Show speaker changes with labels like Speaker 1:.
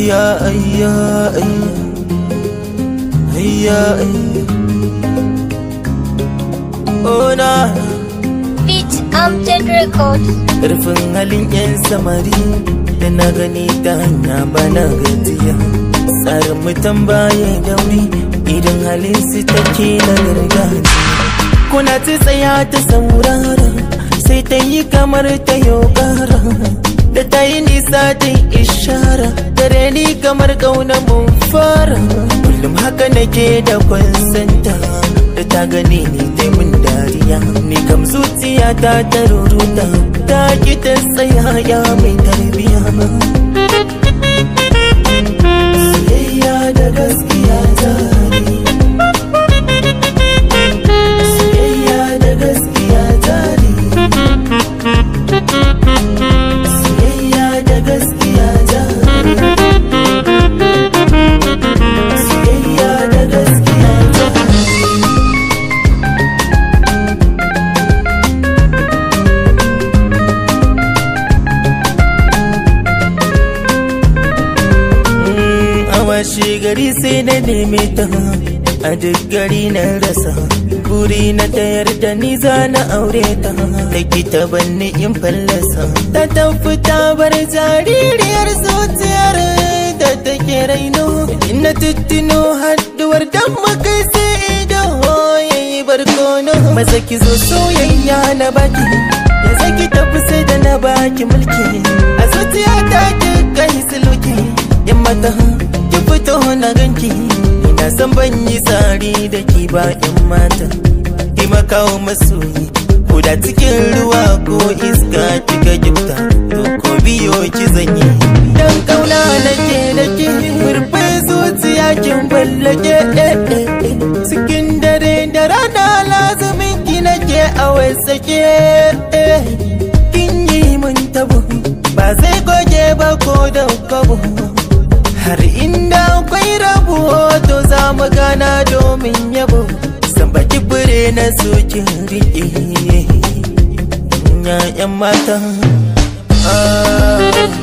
Speaker 1: هيا هيا هيا هيا halin 'yan samari da na gani ta hanya bana gajiya. Tsarin mutan baya dauri idan halin su take na gargajiya. Kuna ta tsaya ta saurara sai ta yi kamar ta yau da ta yi nisa ta yi ishara dare ni kamar gauna mun fara kullum haka nake da kwansanta da ta gani ni ta min dariya ni kam zuciya ta taruruta ta ki ta tsaya ya mai tarbiya shi gari sai na neme ta a duk gari na rasa buri na tayar da ni za na aure ta da kita banni in fallasa ta tafi ta bar jaririyar zuciyar da ta ke raino na haduwar dan makai sai da yayi barkono maza ki zo soyayya na baki ya zaki tafi sai da na baki mulki a zuciya ta ke kai siluki in mata na ganki ina san ban yi tsari da ki ba yan mata ki makawo masoyi ko da cikin ruwa ko iska kika gifta to ko biyo ki zanyi dan kauna nake da ki murfe zuciya kin ballake eh, eh, eh. cikin dare da rana lazumin ki nake a wasake kin yi mun tabo ba zai goge ba ko da kabo har inda akwai rabuwa to za mu gana domin yabo san baki bure na sokin riƙe 'ya'yan matan ah.